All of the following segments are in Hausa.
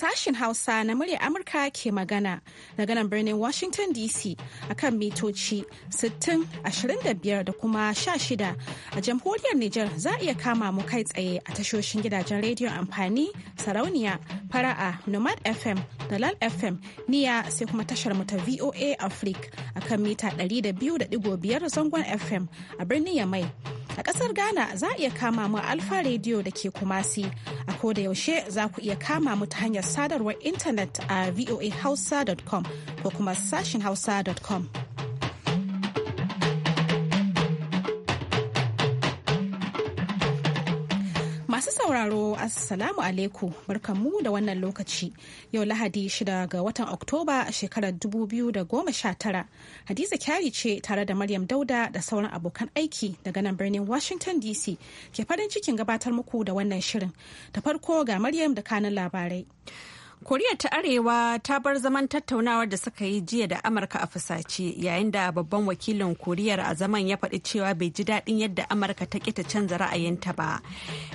sashen Hausa na murya Amurka ke magana daga nan birnin Washington DC akan mitoci sittin ashirin da kuma 16 a jamhuriyar Nijar za a iya kama mu kai tsaye a tashoshin gidajen rediyon amfani sarauniya fara'a nomad FM da lal FM niya sai kuma tashar mu ta VOA Africa akan mita 200.5 zangon FM a birnin Yamai. A ƙasar Ghana za a iya kama mu Alfa Radio da ke Kumasi. A koda yaushe za ku iya kama mu ta hanyar sadarwar intanet a voahausa.com ko kuma sashin hausa.com. Masu sauraro Assalamu alaikum barkanmu da wannan lokaci yau Lahadi 6 ga watan Oktoba shekarar 2019 Hadiza kyari ce tare da Maryam Dauda da sauran abokan aiki daga nan birnin Washington DC ke farin cikin gabatar muku da wannan shirin. ta farko ga Maryam da kanan labarai. koriya ta arewa ta bar zaman tattaunawar da suka yi jiya da amurka a fusace yayin da babban wakilin koriyar a zaman ya faɗi cewa bai ji daɗin yadda amurka ta ƙi ta canza ra'ayinta ba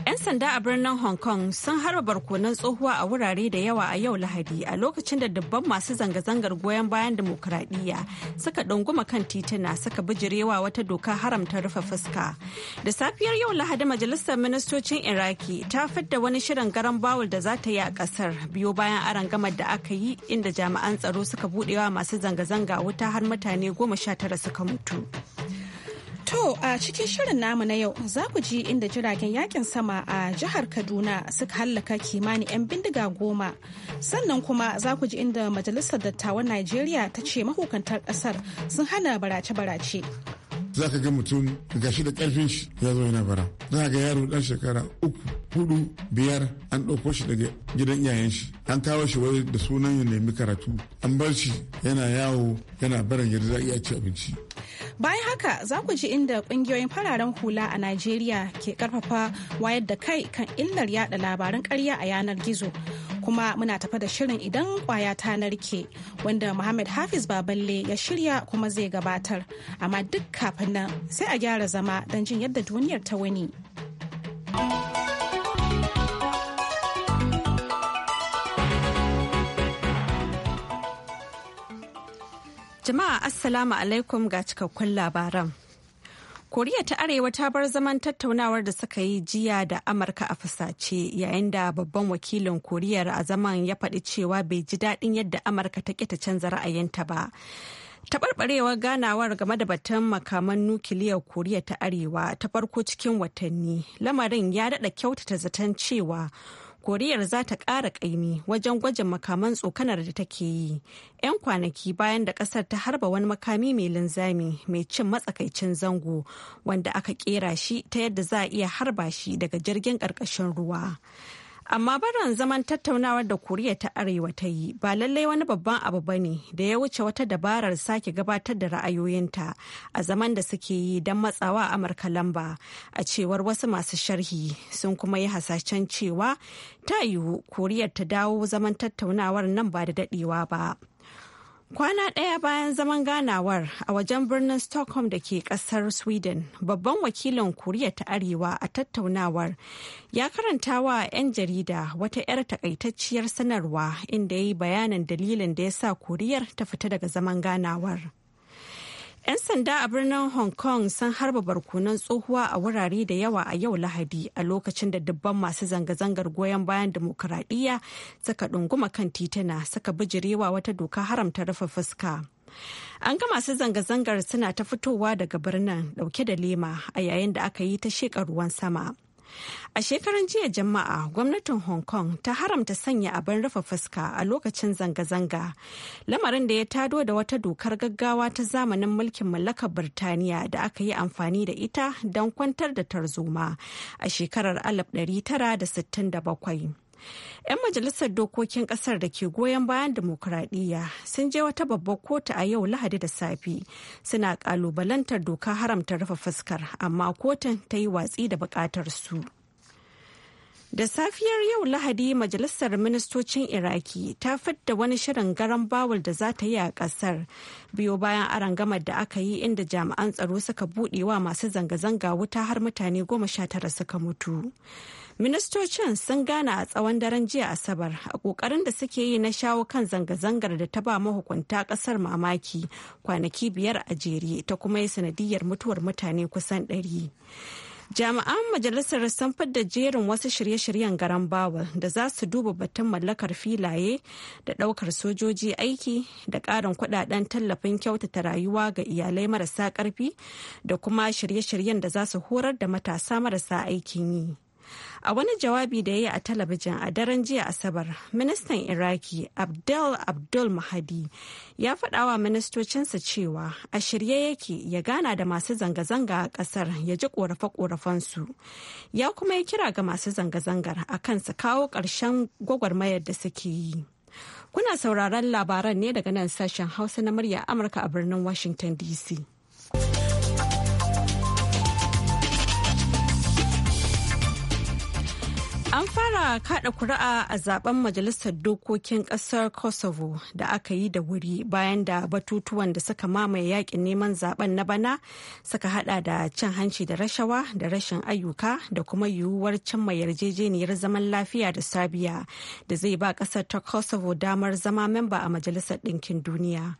'yan sanda a birnin hong kong sun harba barkonan tsohuwa a wurare da yawa a yau lahadi a lokacin da dubban masu zanga-zangar goyon bayan dimokuraɗiyya suka ɗunguma kan tituna suka bijirewa wata doka haramta rufe fuska da safiyar yau lahadi majalisar ministocin iraki ta fidda wani shirin garan bawul da za ta yi a ƙasar biyo bayan bayan gamar da aka yi inda jami'an tsaro suka budewa masu zanga-zanga wuta har mutane goma sha tara suka mutu. To a cikin shirin namu na yau za ku ji inda jiragen yakin sama a jihar Kaduna suka hallaka kimanin 'yan bindiga goma. Sannan kuma za ku ji inda Majalisar Dattawan Najeriya ta ce mahukantar ƙasar sun hana barace-barace. za ka ga mutum shi da karfin shi ya zo yana bara za ga yaro dan shekara uku hudu biyar an ɗauko shi daga gidan iyayen shi an kawo shi wai da sunan ya nemi karatu an bar shi yana yawo yana barin yadda za a iya ci abinci bayan haka za ku ji inda kungiyoyin fararen hula a najeriya ke karfafa wayar da kai kan illar yada labaran karya a yanar gizo kuma muna tafa da shirin idan kwaya ta narke wanda Muhammad Hafiz Baballe ya shirya kuma zai gabatar amma duk kafin nan sai a gyara zama don jin yadda duniyar ta wani. Jama'a Assalamu alaikum ga cikakkun labaran. koriya ta arewa ta bar zaman tattaunawar da suka yi jiya da amurka a fusace yayin da babban wakilin koriyar a zaman ya faɗi cewa bai ji daɗin yadda amurka ta ƙi ta canza ra'ayinta ba taɓarɓarewar ganawar game da batun makaman nukiliyar koriya ta arewa ta farko cikin watanni lamarin ya daɗa kyautata zaton cewa koriyar za ta ƙara ƙaimi wajen gwajin makaman tsokanar da take yi 'yan kwanaki bayan da ƙasar ta harba wani makami mai linzami mai cin matsakaicin zango wanda aka kera shi ta yadda za a iya harba shi daga jirgin ƙarƙashin ruwa amma barin zaman tattaunawar da koriya ta arewa ta yi ba lallai wani babban abu ba ne da ya wuce wata dabarar sake gabatar da ra'ayoyinta a zaman da suke yi don matsawa amurka lamba a cewar wasu masu sharhi sun kuma yi hasashen cewa ta yiwu koriya ta dawo zaman tattaunawar nan ba da dadewa ba. Kwana ɗaya bayan zaman ganawar a wajen birnin Stockholm da ke ƙasar Sweden, babban wakilin Koriya ta Arewa a tattaunawar ya karanta wa 'yan jarida wata 'yar takaitacciyar sanarwa inda ya yi bayanin dalilin da ya sa Koriyar ta fita daga zaman ganawar. 'Yan sanda a birnin Hong Kong sun harba barkunan tsohuwa a wurare da yawa a yau Lahadi a lokacin da dubban masu zanga-zangar goyon bayan demokuraɗiyya suka ɗunguma kan tituna suka bijirewa wata doka haramta rufe fuska. An ga masu zanga-zangar suna ta fitowa daga birnin dauke da lema a yayin da aka yi ta sheƙa ruwan sama. A shekaran jiya Jama'a gwamnatin Hong Kong ta haramta sanya abin rufe fuska a lokacin zanga-zanga, lamarin da ya tado da wata dokar gaggawa ta zamanin mulkin mallakar Birtaniya da aka yi amfani da ita don kwantar da tarzoma a shekarar 1967. 'Yan majalisar dokokin kasar da ke goyon bayan demokuraɗiyya sun je wata babbar kotu a yau lahadi da safi suna kalubalantar doka haramta rufe fuskar amma kotun ta yi watsi da bukatar su. Da safiyar yau Lahadi Majalisar Ministocin Iraki ta fidda wani shirin garan bawul da za ta yi a kasar biyo bayan gamar da aka yi inda jami'an tsaro suka buɗe wa masu zanga-zanga wuta har mutane goma sha tara suka mutu. Ministocin sun gana a tsawon daren jiya Asabar a kokarin da suke yi na shawo kan zanga-zangar da ta ba mahukunta ƙasar mamaki kwanaki biyar a jere ta kuma yi sanadiyar mutuwar mutane kusan ɗari. Jami'an majalisar sun fidda jerin wasu shirye-shiryen garan bawal da za su duba batun mallakar filaye da ɗaukar sojoji aiki da ƙarin kuɗaɗen tallafin kyautata rayuwa ga iyalai marasa ƙarfi da kuma shirye-shiryen da za su horar da matasa marasa aikin yi. A wani jawabi da ya yi a talabijin a daren jiya Asabar, ministan Iraki abdul Abdul Mahadi ya faɗa wa ministocinsa cewa a shirye yake ya gana da masu zanga-zanga a ƙasar ya ji ƙorafe-ƙorafensu. Ya kuma yi kira ga masu zanga-zangar a kansa kawo ƙarshen gwagwarmayar da suke yi. Kuna sauraron labaran ne daga nan sashen Hausa na murya Amurka a birnin Washington DC. Ana kada kuri'a a zaben majalisar dokokin kasar kosovo da aka yi da wuri bayan da batutuwan da suka mamaye yakin neman zaben na bana suka hada da cin hanci da rashawa da rashin ayyuka da kuma yiwuwar cimma yarjejeniyar zaman lafiya da sabiya da zai ba kasar ta kosovo damar zama memba a majalisar ɗinkin duniya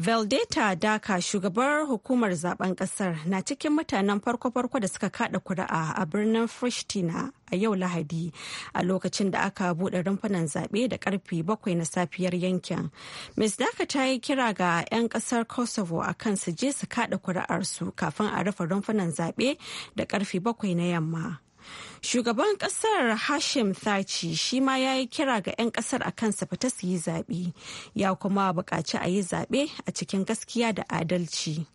Valdeta daka shugabar hukumar zaben kasar na cikin mutanen farko-farko da suka kada kuri'a a birnin fristina a yau Lahadi a lokacin da aka buɗe rumfunan zaɓe da karfe bakwai na safiyar yankin. Ms. Daka ta yi kira ga 'yan ƙasar Kosovo a kan su je su kaɗa kuri'arsu kafin a rufe rumfunan zaɓe da karfe bakwai na yamma. Shugaban kasar Hashim Thaci shi ma ya yi kira ga 'yan kasar a kansa fita su yi zaɓe, ya kuma buƙaci a yi zaɓe a cikin gaskiya da adalci.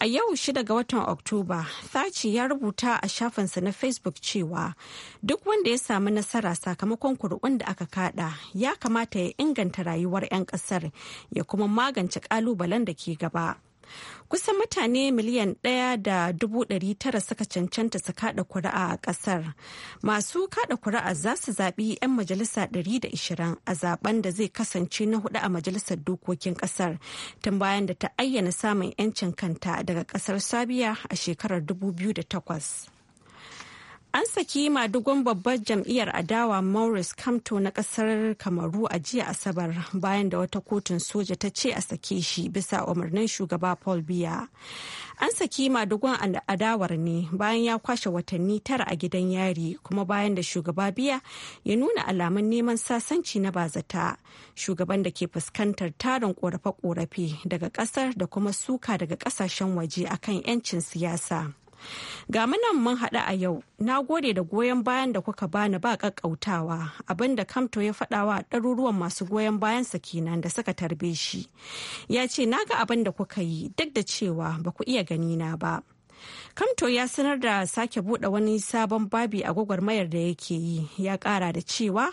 A yau shida ga watan Oktoba, Thaci ya rubuta a shafinsa na Facebook cewa duk wanda ya samu nasara sakamakon kuri'un da aka kaɗa ya kamata ya inganta rayuwar 'yan kasar ya kuma magance ƙalubalen da ke gaba. Kusan mutane miliyan ɗaya da dubu ɗari tara suka cancanta su kaɗa kuri'a a ƙasar. Masu kaɗa kuri'a za su zaɓi 'yan majalisa ɗari da ishirin a zaben da zai kasance na hudu a majalisar dokokin ƙasar tun bayan da ta ayyana samun 'yancin kanta daga ƙasar Sabiya a shekarar dubu biyu da takwas. kima dugun babbar jam'iyyar adawa maurice kamto na kasar kamaru a jiya asabar bayan da wata kotun soja ta ce a sake shi bisa umarnin shugaba paul biya an saki ma madugun adawar ne bayan ya kwashe watanni tara a gidan yari kuma bayan da shugaba biya ya nuna alamun neman sasanci na bazata shugaban da ke fuskantar tarin korafe-korafe daga kasar da kuma suka daga kasashen waje akan 'yancin siyasa. Ga manan mun haɗu a yau, na gode da goyon bayan da kuka bani ba ƙaƙƙautawa abinda Kamto ya faɗawa ɗaruruwan masu goyon bayan sa kenan da suka tarbe shi. Ya ce na ga abin da kuka yi duk da cewa ba ku iya gani na ba. Kamto ya sanar da sake buɗe wani sabon babi a gwagwarmayar da yake yi ya ƙara da cewa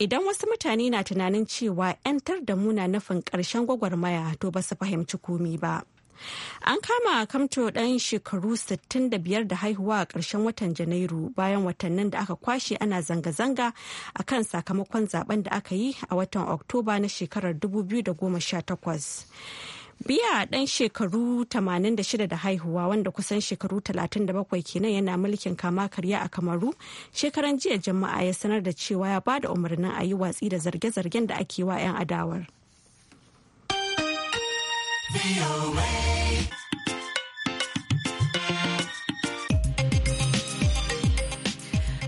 idan wasu mutane na tunanin cewa 'yantar da muna nufin ƙarshen gwagwarmaya to ba su fahimci komi ba. An kama kamto ɗan shekaru 65 da haihuwa a ƙarshen watan Janairu bayan watannin da aka kwashe ana zanga-zanga a kan sakamakon zaben da aka yi a watan Oktoba na shekarar 2018. Biya ɗan shekaru 86 da haihuwa wanda kusan shekaru 37 kenan yana mulkin kama karya a Kamaru shekaran jiya jama'a ya sanar da cewa ya bada umarnin a yi watsi da zarge-zargen da ake wa 'yan adawar.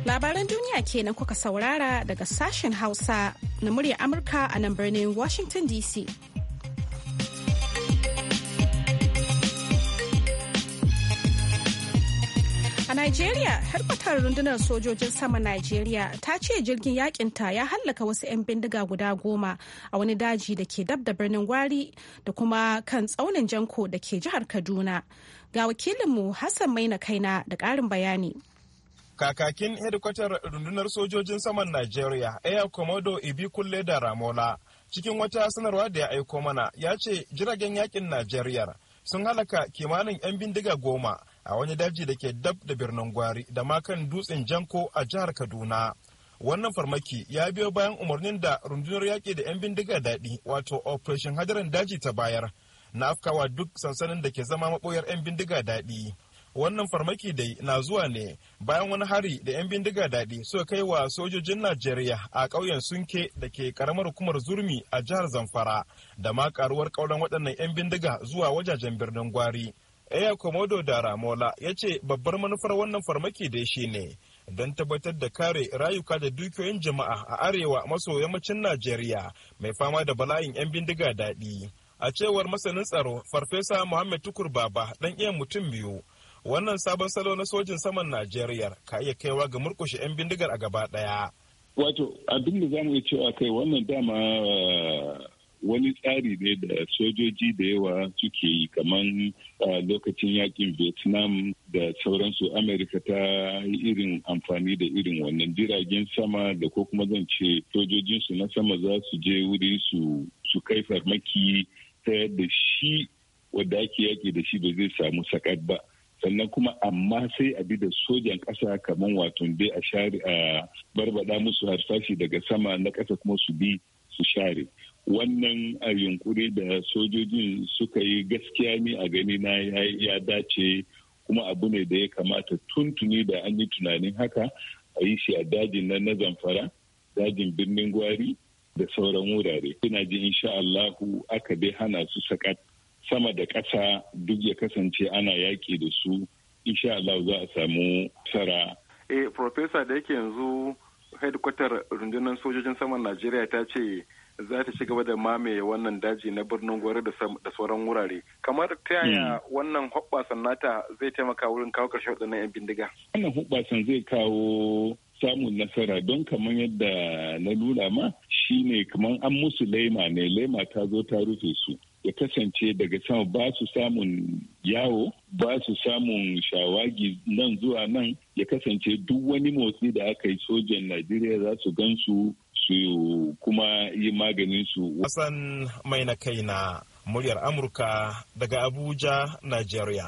Labaran duniya kenan kuka saurara daga sashen Hausa na murya Amurka a nan birnin Washington DC. Najeriya, harkatar rundunar sojojin sama Najeriya ta ce jirgin yakinta ya hallaka wasu 'yan bindiga guda goma a wani daji da ke dab da birnin Gwari da kuma kan tsaunin Janko da ke jihar Kaduna. Ga wakilinmu Hassan Maina Kaina da ƙarin bayani. Kakakin hedikwatar rundunar sojojin saman Najeriya, Air Komodo Ibi Kulle da Ramola, cikin wata sanarwa da ya aiko mana, ya ce jiragen yakin Najeriya sun halaka kimanin 'yan bindiga goma a wani daji da ke dab da birnin gwari da makan dutsen janko a jihar kaduna wannan farmaki ya biyo bayan umarnin da rundunar yaƙi da 'yan bindiga daɗi wato operation hadarin daji ta bayar na afkawa duk sansanin da ke zama maɓoyar 'yan bindiga daɗi wannan farmaki dai na zuwa ne bayan wani hari da 'yan bindiga daɗi suka kai wa sojojin najeriya a ƙauyen sunke da ke karamar hukumar zurmi a jihar zamfara da ma ƙaruwar ƙaunar waɗannan 'yan bindiga zuwa wajajen birnin gwari Eya Komodo da Ramola ya ce babbar manufar wannan farmaki da shi ne don tabbatar da kare rayuka da dukiyoyin jama'a a arewa maso yammacin Najeriya mai fama da bala'in 'yan bindiga daɗi. A cewar masanin tsaro Farfesa Muhammad Tukur Baba ɗan iya mutum biyu. Wannan sabon salo na sojin saman Najeriya ka iya kaiwa ga murkushe 'yan bindigar a gaba ɗaya. Wato abin da za mu iya cewa kai wannan dama wani tsari ne da sojoji da yawa suke yi kamar lokacin yakin vietnam da sauransu amerika ta yi irin amfani da irin wannan jiragen sama da ko kuma zan ce sojojinsu na sama za su je wuri su kai farmaki ta yadda shi wadda ake yaki da shi ba zai samu sakat ba sannan kuma amma sai a bi da sojan ƙasa kamar watan dai a share a barbada musu harsashi daga sama na ƙasa kuma su bi su share wannan a yunkuri da sojojin suka yi gaskiya ne a gani na ya dace kuma abu ne da ya kamata tuntuni da an yi tunanin haka a yi shi a dajin nan na zamfara dajin birnin gwari da sauran wurare ina ji insha Allahu aka dai hana su sakat sama da ƙasa duk ya kasance ana yaƙi da su insha Allahu za a samu sara. Eh, Profesa da yake yanzu hedkwatar rundunar sojojin saman Najeriya ta ce za ta ci gaba da mamaye wannan daji na birnin gwari da sauran wurare kamar ta hmm. yaya wannan hoɓɓasan nata zai taimaka wurin kawo ƙarshe waɗannan 'yan bindiga wannan hoɓɓasan zai kawo samun nasara don kamar yadda na nuna ma shine kamar an musu laima ne laima ta zo ta rufe su ya kasance daga sama ba su samun yawo ba su samun shawagi nan zuwa nan ya kasance duk wani motsi da aka yi sojan najeriya za su gan su su kuma yi maganin su. Hassan mai na kai na muryar Amurka daga Abuja, Nigeria.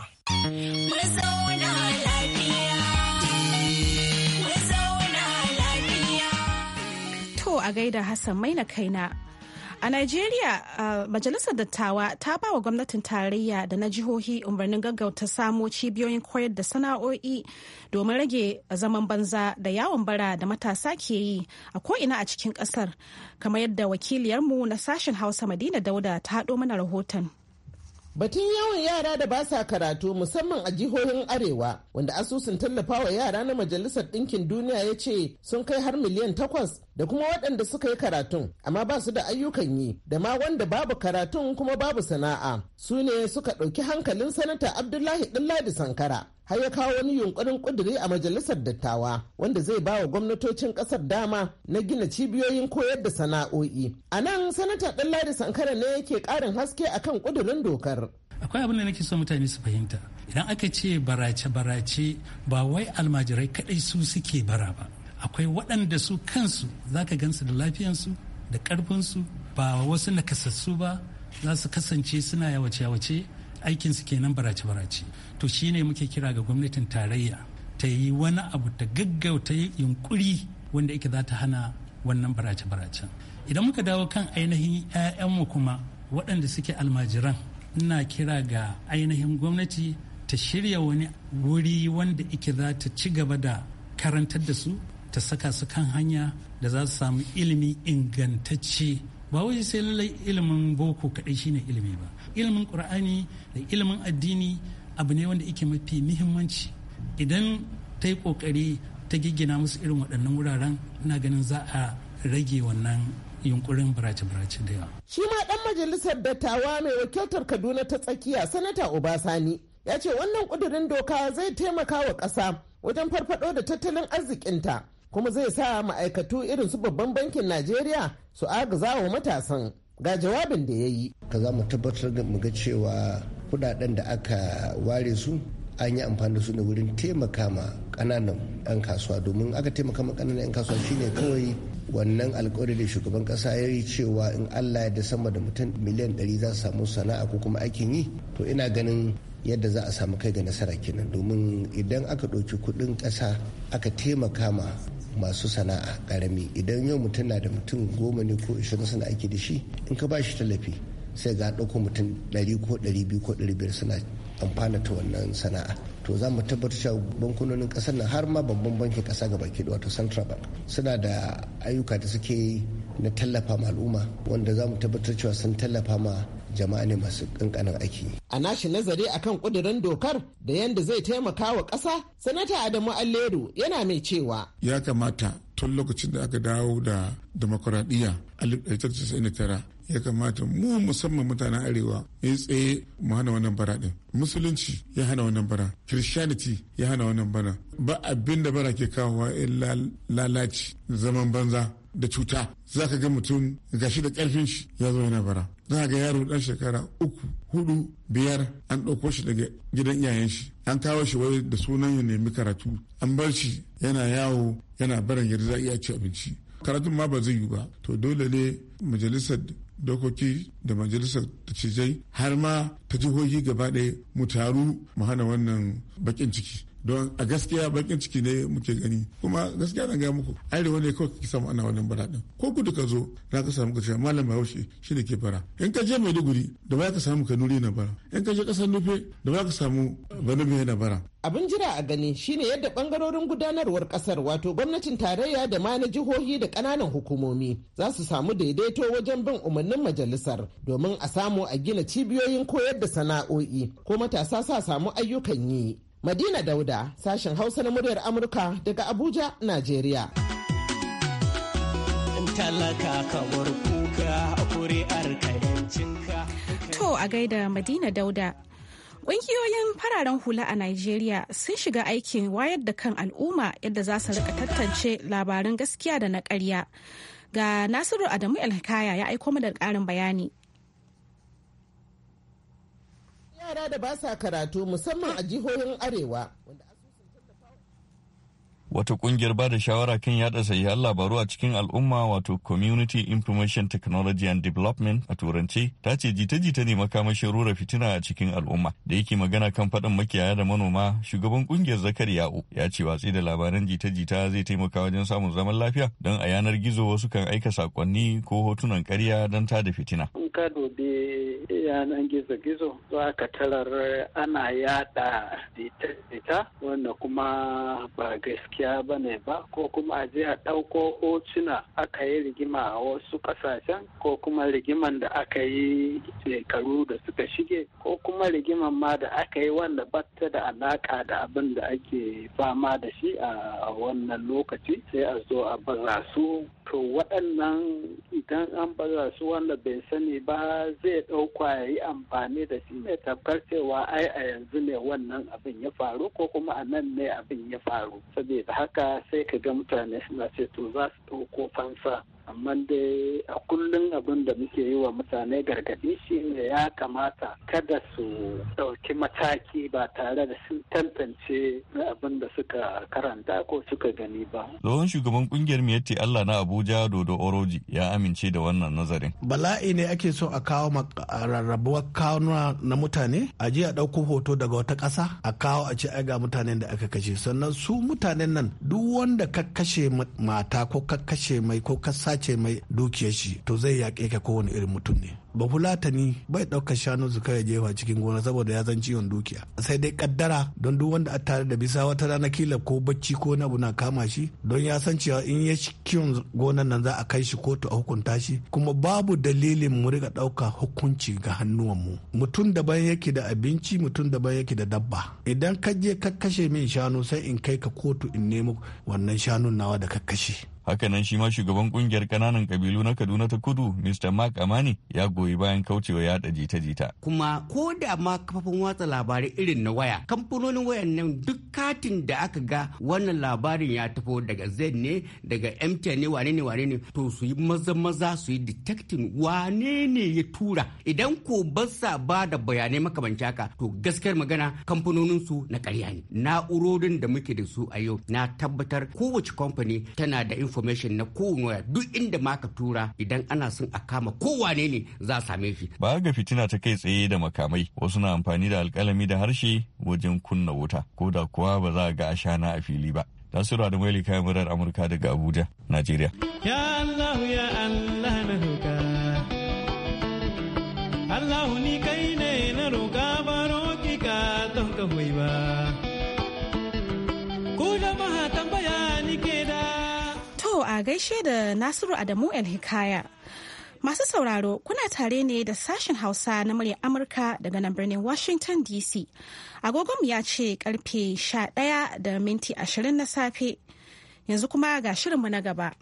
To a gaida Hassan mai na kaina A Najeriya, uh, Majalisar Dattawa ta ba wa gwamnatin tarayya da na jihohi umarnin gaggauta samo cibiyoyin koyar da sana'o'i domin rage zaman banza da yawon bara da matasa ke yi a ko'ina a cikin ƙasar, kamar yadda wakiliyarmu na sashen Hausa Madina Dauda ta haɗo mana rahoton. Batun yawan yara da ba sa karatu musamman a jihohin Arewa, wanda asusun tallafa wa yara na Majalisar Ɗinkin Duniya ya ce sun kai har miliyan takwas da kuma waɗanda suka yi karatun, amma ba su da ayyukan yi, da ma wanda babu karatun kuma babu sana'a. Su ne suka ɗauki hankalin Sanata Abdullahi Ɗinladi Sankara. har ya kawo wani yunkurin kuduri a majalisar dattawa wanda zai ba wa gwamnatocin ƙasar dama na gina cibiyoyin koyar da sana'o'i a nan sanata Ladi sankara ne yake ƙarin haske akan kudurin dokar akwai abin da nake so mutane su fahimta idan aka ce barace-barace ba wai almajirai kaɗai su suke bara ba akwai waɗanda su kansu za ka gansu da lafiyansu da ƙarfinsu ba wasu nakasassu ba za su kasance suna yawace-yawace aikinsu kenan barace-barace to shine muke kira ga gwamnatin tarayya ta yi wani abu ta gaggauta yunkuri wanda ake za ta hana wannan barace-baracen idan muka dawo kan ainihin 'ya'yanmu kuma waɗanda suke almajiran ina kira ga ainihin gwamnati ta shirya wani wuri wanda ike za ta ci gaba da karantar da su ta saka su kan hanya da za su samu ilimi ingantacce ba wai sai lallai ilimin boko kaɗai shine ilimi ba ilimin ƙur'ani da ilimin addini abu ne wanda yake mafi muhimmanci idan ta yi ƙoƙari ta giggina musu irin waɗannan wuraren ina ganin za a rage wannan yunkurin barace-barace da yawa. Shi ma ɗan majalisar dattawa mai wakiltar Kaduna ta tsakiya Sanata Obasani ya ce wannan ƙudurin doka zai taimaka wa ƙasa wajen farfaɗo da tattalin arzikinta. kuma zai sa ma'aikatu irin su babban bankin najeriya su agaza wa matasan ga jawabin da ya yi ka za mu tabbatar da mu cewa kudaden da aka ware su an yi amfani da su ne wurin taimaka ma kananan 'yan kasuwa domin aka taimaka ma kananan 'yan kasuwa shine kawai wannan alkawari da shugaban kasa ya yi cewa in allah ya da sama da mutum miliyan 100 za su samu sana'a ko kuma aikin yi to ina ganin yadda za a samu kai ga nasara kenan domin idan aka ɗauki kuɗin ƙasa aka taimaka ma masu sana'a karami idan yau mutum na da mutum goma ne ko ishirin suna aiki da shi in ka ba shi tallafi sai ga ɗauko mutum ɗari ko ɗari biyu ko ɗari biyar suna amfana ta wannan sana'a to za mu tabbatar cewa bankunonin ƙasar nan har ma babban bankin ƙasa ga baki wato central bank suna da ayyuka da suke na tallafa ma al'umma wanda za mu tabbatar cewa sun tallafa ma jama'a ne masu kankanin aiki. A nashi nazari a kan kudirin dokar da yadda zai taimaka wa ƙasa, Sanata Adamu Allero yana mai cewa. Ya kamata tun lokacin da aka dawo da demokuraɗiyya a 1999 ya kamata mu musamman mutanen arewa ya tsaye mu hana wannan bara ɗin musulunci ya hana wannan bara christianity ya hana wannan bara ba abin da bara ke kawowa illa lalaci zaman banza da cuta za ka ga mutum gashi da karfin shi ya zo yana bara za ga yaro dan shekara uku hudu biyar an ɗauko shi daga gidan iyayen shi an kawo shi wai da sunan ya nemi karatu an bar shi yana yawo yana barin yadda za iya ci abinci karatun ma ba zai yi ba to dole ne majalisar dokoki da majalisar cijai har ma ta jihohi gaba ɗaya mu taru mu hana wannan bakin ciki don a gaskiya bakin ciki ne muke gani kuma gaskiya na ga muku arewa ne kawai kake samu ana wannan bara din ko kudu ka zo za ka samu kashe malam bahaushe ne ke bara in ka je maiduguri da ba ka samu kanuri na bara in ka je kasar nufe da ba ka samu banubi na bara abin jira a gani shine yadda bangarorin gudanarwar kasar wato gwamnatin tarayya da ma na jihohi da kananan hukumomi za su samu daidaito wajen bin umarnin majalisar domin a samu a gina cibiyoyin koyar da sana'o'i ko matasa sa samu ayyukan yi Madina Dauda, sashen Hausa na muryar Amurka daga Abuja, Najeriya. To a gaida Madina Dauda. Ƙungiyoyin fararen hula a Najeriya sun shiga aikin wayar da kan al'umma yadda za su rika tantance labarin gaskiya da na ƙarya. Ga Nasiru Adamu Elkaya ya aiko mu da ƙarin bayani. yara da ba sa karatu musamman a jihohin arewa wata kungiyar ba da shawara kan yada sahihan labaru a cikin al'umma wato community information technology and development a turance ta ce jita-jita ne makamashin rura fitina a cikin al'umma da yake magana kan faɗin makiyaya da manoma shugaban kungiyar zakar ya'u ya ce watsi da labaran jita-jita zai taimaka wajen samun zaman lafiya don a yanar gizo wasu kan aika sakonni ko hotunan karya don tada fitina in ka yanar yanan gizo-gizo zuwa ka tarar ana yada dita-dita wanda kuma ba gaskiya ba ne ba ko kuma a je a ɗauko hotuna aka yi rigima a wasu ƙasashen ko kuma rigiman da aka yi shekaru da suka shige ko kuma rigiman ma da aka yi wanda batta da alaƙa da abin da ake fama da shi a wannan lokaci sai a zo a baza su to waɗannan idan an baza su wanda bai sani ba zai ɗauka ya yi amfani da shi ne tabbar cewa ai a yanzu ne wannan abin ya faru ko kuma a nan ne abin ya faru saboda haka sai ka ga mutane suna ce to za su ɗauko fansa amma dai a kullum abin da muke yi wa mutane gargaɗi shi ne ya kamata kada su ɗauki mataki ba tare da sun tantance abin da suka karanta ko suka gani ba. Tsohon shugaban kungiyar Miyatti Allah na Abuja Dodo Oroji ya amince da wannan nazarin. Bala'i ne ake so a kawo rarrabuwar kawuna na mutane a je a ɗauko hoto daga wata ƙasa a kawo a ce ai ga mutanen da aka kashe sannan su mutanen nan duk wanda ka kashe mata ko ka kashe mai ko ka ce mai dukiyar shi to zai yaƙe ka kowane irin mutum ne bafulatani bai ɗaukar shanu su kai jefa cikin gona saboda ya zan ciwon dukiya sai dai kaddara don duk wanda a tare da bisa wata rana kila ko bacci ko na na kama shi don ya san cewa in ya kiwon gonan nan za a kai shi kotu a hukunta shi kuma babu dalilin mu riga ɗauka hukunci ga hannuwan mu mutum daban yake da abinci mutum daban yake da dabba idan ka je ka kashe min shanu sai in kai ka kotu in nemi wannan shanun nawa da ka kashe Hakanan shi ma shugaban kungiyar kananan kabilu na Kaduna ta Kudu, Mr. Mark Amani ya goyi bayan kaucewa yada jita-jita. Kuma ko da ma kafafin watsa labarai irin na waya, kamfanonin wayan nan duk katin da aka ga wannan labarin ya tafo daga Z ne, daga MTN ne, wane ne, wane ne, to su yi maza-maza su yi detecting wane ne ya tura. Idan ko basa ba da bayanai makamanci haka, to gaskiyar magana kamfanonin su na karya ne. Na'urorin da muke da su a yau na tabbatar kowace kamfani tana da info. information na kowane duk inda ma ka tura idan ana son a kama kowane ne za a same shi. Ba ga fitina ta kai tsaye da makamai wasu na amfani da alkalami da harshe wajen kunna wuta ko da kuwa ba za a ga ashana a fili ba. da Adamali kayan murar Amurka daga Abuja, Najeriya. Ya Allah na roƙa. Allah ni kai ne na roƙa ba ka don ka ba. a gaishe da Nasiru Adamu El Hikaya. Masu sauraro kuna tare ne da sashen Hausa na murya Amurka daga nan birnin Washington DC. Agogon ya ce karfe 11 da minti 20 na safe. Yanzu kuma ga shirinmu na gaba.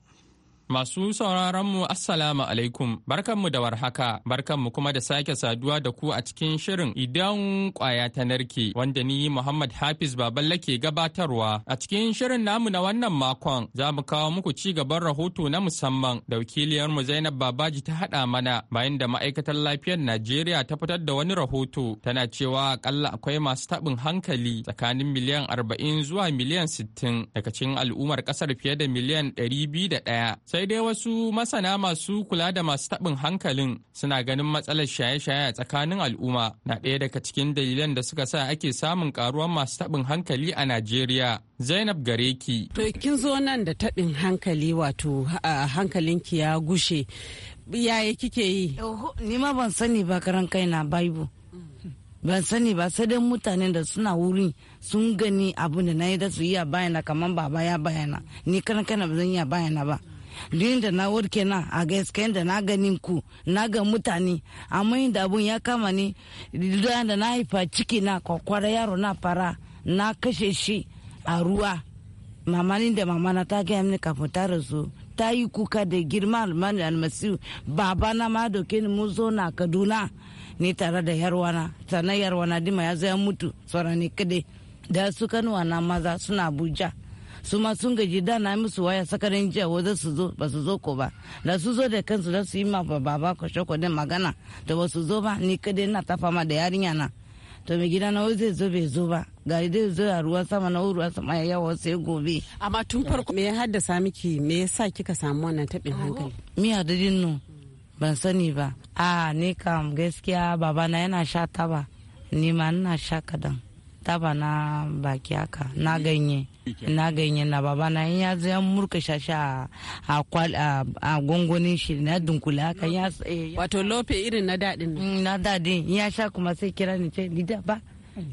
Masu sauraronmu Assalamu alaikum, barkanmu da warhaka, barkanmu kuma da sake saduwa da ku a cikin shirin idan kwaya ta narke wanda ni Muhammad Hafiz Baballe ke gabatarwa. A cikin shirin namu na wannan makon za mu kawo muku ci gaban rahoto na musamman da wakiliyarmu Zainab Babaji ta haɗa mana bayan da ma'aikatar lafiyar Najeriya ta fitar da wani rahoto tana cewa akalla akwai masu taɓin hankali tsakanin miliyan arba'in zuwa miliyan sittin daga cikin al'ummar ƙasar fiye da miliyan ɗari biyu da ɗaya. sai dai wasu masana masu kula da masu taɓin hankalin suna ganin matsalar shaye-shaye a tsakanin al'umma na ɗaya daga cikin dalilan da suka sa ake samun karuwar masu taɓin hankali a najeriya zainab gareki to kin zo nan da taɓin hankali wato hankalinki ya gushe yaya kike yi ni ma ban sani ba karan kaina baibu ban sani ba sai dai mutanen da suna wurin sun gani abu da na yi da su yi a bayana kamar baba ya bayana ni karan kaina ba zan yi a bayana ba duk da na warke na a gaske da na ganin ku na ga mutane amma inda abun ya kama ni da na haifa ciki na kwakwara yaro na fara na kashe shi a ruwa mamanin da mamana ta gaya mini kafin ta rasu ta yi kuka da girma almani babana baba na ma doke ni mun na kaduna ni tare da yarwana sannan yarwana dima ya zo ya mutu sauran ni kadai da su kanuwa na maza suna abuja su ma sun gaji da na musu waya sakarin jiya wa su zo ba su zo ko ba da su zo da kansu da su yi ma baba shoko kwadin magana da ba su zo ba ni kade na ta fama da yarinya na to mai gida na zai zo bai zo ba ga dai zo a ruwan sama na ruwan sama ya yawa sai gobe amma tun farko me ya haddasa miki me yasa kika samu wannan tabin hankali miya dadin nu ban sani ba a ni kam gaskiya na yana sha taba ni ma ina sha kadan taba na baki haka na ganye na ganye na baba na ya zai murka shashi a gungunin shi na dunkule haka ya eh, wato lofe irin na dadin mm, na dadin ya sha kuma sai kira ni ce da ba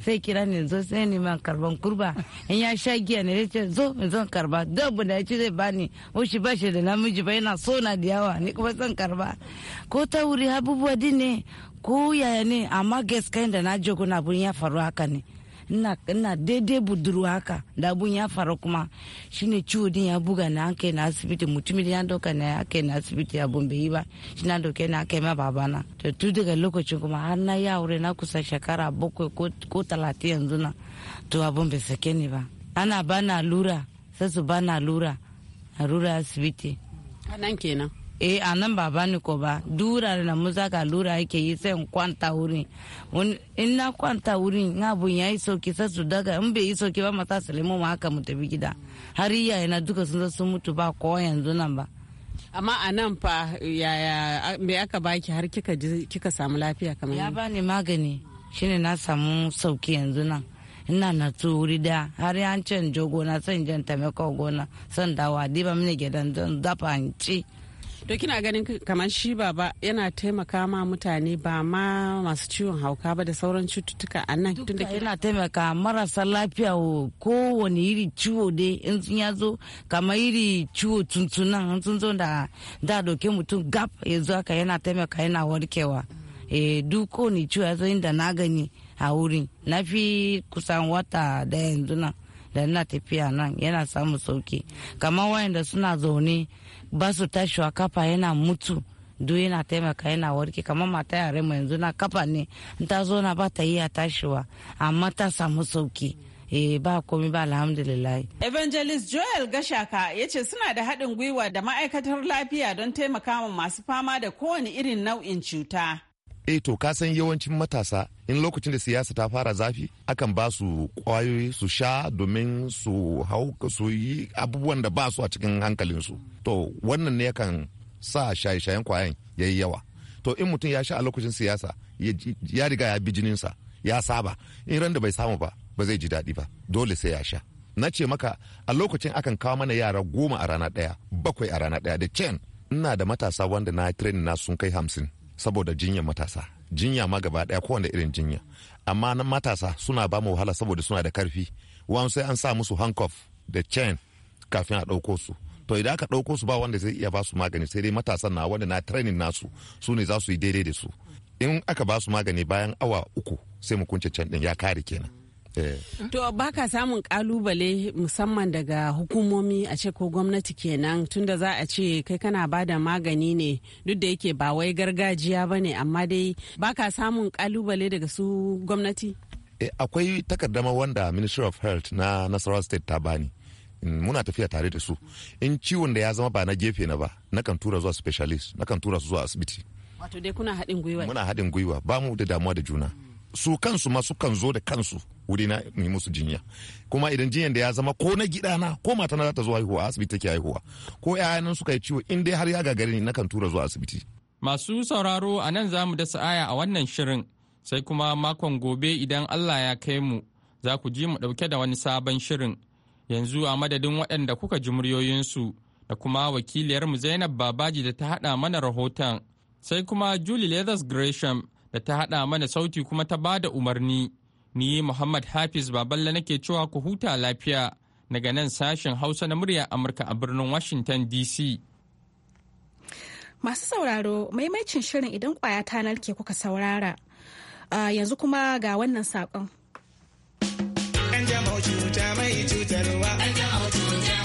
sai kira ni zo sai ni man karban kurba in ya sha giya ne ya ce zo in zan karba dabu da ya ce zai bani wushi ba shi da namiji ba yana so na da yawa ni kuma zan karba ko ta wuri abubuwa din ne ko yaya ne amma gaskiya da na jogo na bun ya faru haka ne ina daidai budurwa haka da abun ya faru kuma shine ciwo din ya buga na an na asibiti mutumin ya doka na ya kai na asibiti abun bai yi ba shi na doke na kai ma babana to tu daga lokacin kuma har na ya aure na kusa shekara bakwai ko talatin yanzu na to abun bai sake ni ba ana bana lura sai su bana lura a rura asibiti a nan kenan eh a nan ba bani ko ba dura na muza ga lura yake yi sai kwanta wurin in na kwanta wurin na bun yayi sauki sai su daga in bai yi sauki ba mata su lemo ma haka mu tafi gida har iyaye na duka sun sun mutu ba ko yanzu nan ba amma a nan fa yaya me aka baki har kika kika samu lafiya kamar ya bani magani shine na samu sauki yanzu nan ina na wuri da har yan can jo gona san jan tamako gona san dawa diba mini gidan zan dafa ci to kina ganin kamar shi baba yana taimaka ma mutane ba ma masu ciwon hauka ba da sauran cututtuka a nan tun da yana taimaka marasa lafiya kowane iri ciwo dai in sun ya zo kamar iri ciwo tuntunan in sun zo da da doke mutum gab zo haka yana taimaka yana warkewa eh duk kowane ciwo ya zo inda na gani a wurin na fi kusan wata da yanzu nan da nana tafiya nan yana samu sauki kamar wayanda suna zaune ba su tashiwa kafa yana mutu duk yana taimaka yana warke kamar mata yare mu yanzu na kafa ne in ta zo na ba ta iya tashiwa amma ta samu sauki eh ba komi ba alhamdulillah evangelist joel gashaka ya ce suna da haɗin gwiwa da ma'aikatar lafiya don taimakawa masu fama da kowane irin nau'in cuta eh to ka san yawancin matasa in lokacin da siyasa ta fara zafi akan ba su kwayoyi su sha domin su hau su yi abubuwan da ba su a cikin hankalinsu to wannan ne yakan sa shaye-shayen kwayan ya yi yawa to in mutum ya sha a lokacin siyasa ya riga ya bi jininsa ya saba in randa bai samu ba ba zai ji daɗi ba dole sai ya sha na ce maka a lokacin akan kawo mana yara goma a rana ɗaya bakwai a rana ɗaya da cen ina da matasa wanda na train na sun kai hamsin saboda jinya matasa jinya ma gaba daya kowane irin jinya amma na matasa suna ba mu wahala saboda suna da karfi wani sai an sa musu hankof da chain kafin a ɗauko su to idan aka ɗauko su ba wanda zai iya ba su magani sai dai matasan na wanda na training nasu su ne za su yi daidai da su in aka ba su magani bayan awa uku sai mu kunce can din ya kare kenan Eh. To ba ka samun kalubale musamman daga hukumomi a ce ko gwamnati kenan tunda za a ce kai kana ba da magani ne duk da yake ba wai gargajiya ba ne amma dai ba ka samun kalubale daga su gwamnati? Eh, akwai takardama wanda Ministry of Health na Nasarawa State ta bani. muna tafiya tare da su in ciwon da ya zama ba na gefe na ba na kan tura zuwa specialist na kan tura su zuwa asibiti wato dai kuna haɗin gwiwa muna haɗin gwiwa ba mu da damuwa da juna su kansu ma su kan zo da kansu wuri na mu musu jinya kuma idan jinyar da ya zama ko na gidana ko mata na za ta zo haihuwa asibiti take haihuwa ko nan suka yi ciwo in dai har ya gagare ni nakan tura zuwa asibiti masu sauraro a nan za mu dasa aya a wannan shirin sai kuma makon gobe idan Allah ya kai mu za ku ji mu ɗauke da wani sabon shirin yanzu a madadin waɗanda kuka ji muryoyinsu da kuma wakiliyarmu Zainab Babaji da ta haɗa mana rahoton sai kuma Julie Leathers Gresham da ta haɗa mana sauti kuma ta bada umarni. Ni Muhammad Hafiz Baballa nake cewa ku huta lafiya daga nan sashen Hausa na murya Amurka a birnin Washington DC. Masu sauraro maimacin shirin idan kwaya ta narke kuka saurara. yanzu kuma ga wannan saƙon. An cuta mai cutarwa. An cuta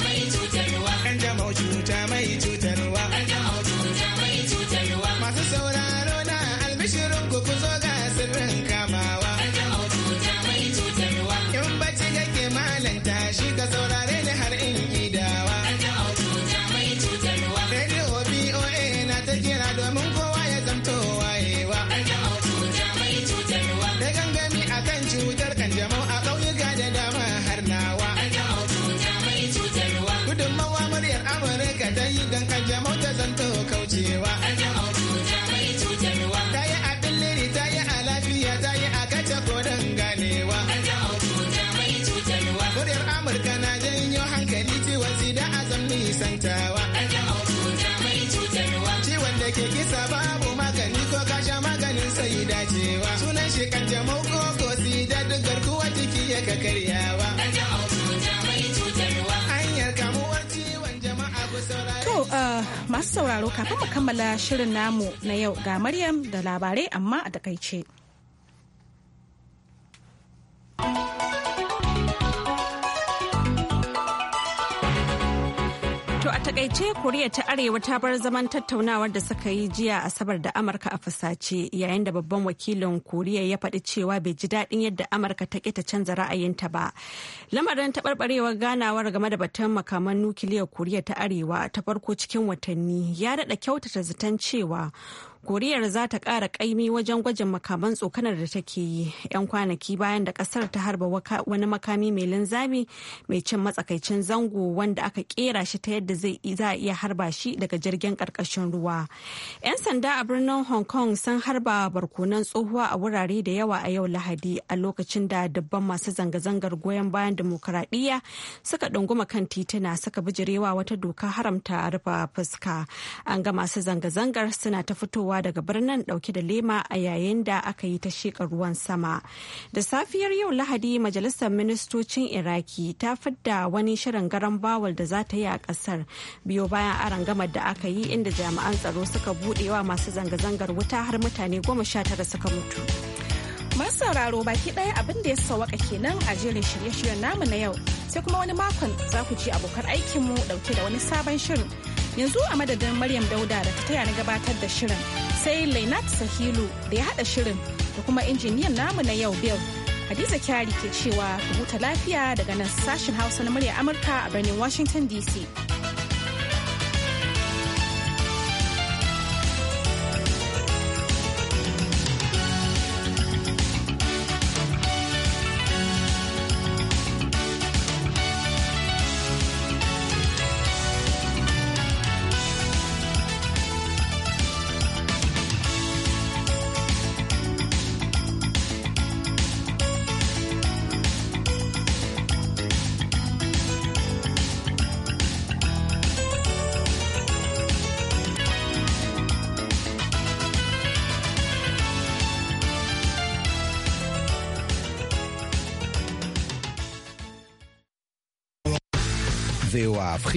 ka uh, masu sauraro kafin mu kammala shirin namu na yau ga Maryam da labarai amma a takaice. takaice koriya ta arewa ta bar zaman tattaunawar da suka yi jiya asabar da amurka a fusace yayin da babban wakilin koriya ya faɗi cewa bai ji daɗin yadda amurka ta ƙi ta canza ra'ayinta ba lamarin taɓarɓarewar ganawar game da batun makaman nukiliyar koriya ta arewa ta farko cikin watanni ya daɗa kyautata zaton cewa koriyar za ta ƙara ƙaimi wajen gwajin makaman tsokanar da take yi 'yan kwanaki bayan da ƙasar ta harba wani makami mai linzami mai cin matsakaicin zango wanda aka ƙera shi ta yadda zai za a iya harba shi daga jirgin karkashin ruwa. 'Yan sanda a birnin Hong Kong sun harba barkonan tsohuwa a wurare da yawa a yau Lahadi a lokacin da dabban masu zanga-zangar goyon bayan dimokuraɗiyya suka ɗunguma kan tituna suka bijirewa wata doka haramta rufe fuska. An ga masu zanga-zangar suna ta fitowa daga birnin ɗauke da lema a yayin da aka yi ta sheka ruwan sama. Da safiyar yau Lahadi Majalisar Ministocin Iraki ta fidda wani shirin garan bawal da za ta yi a ƙasar biyo bayan gamar da aka yi inda jami'an tsaro suka wa masu zanga-zangar wuta har mutane goma sha tara suka mutu. masu sauraro baki ɗaya abin da ya sawaka kenan a jerin shirye-shiryen namu na yau sai kuma wani makon za ku ji abokan aikinmu ɗauke da wani sabon shirin yanzu a madadin maryam dauda da ta taya na gabatar da shirin sai lainat sahilu da ya haɗa shirin da kuma injiniyan namu na yau bill hadiza kyari ke cewa ku huta lafiya daga nan sashen hausa na murya amurka a birnin washington dc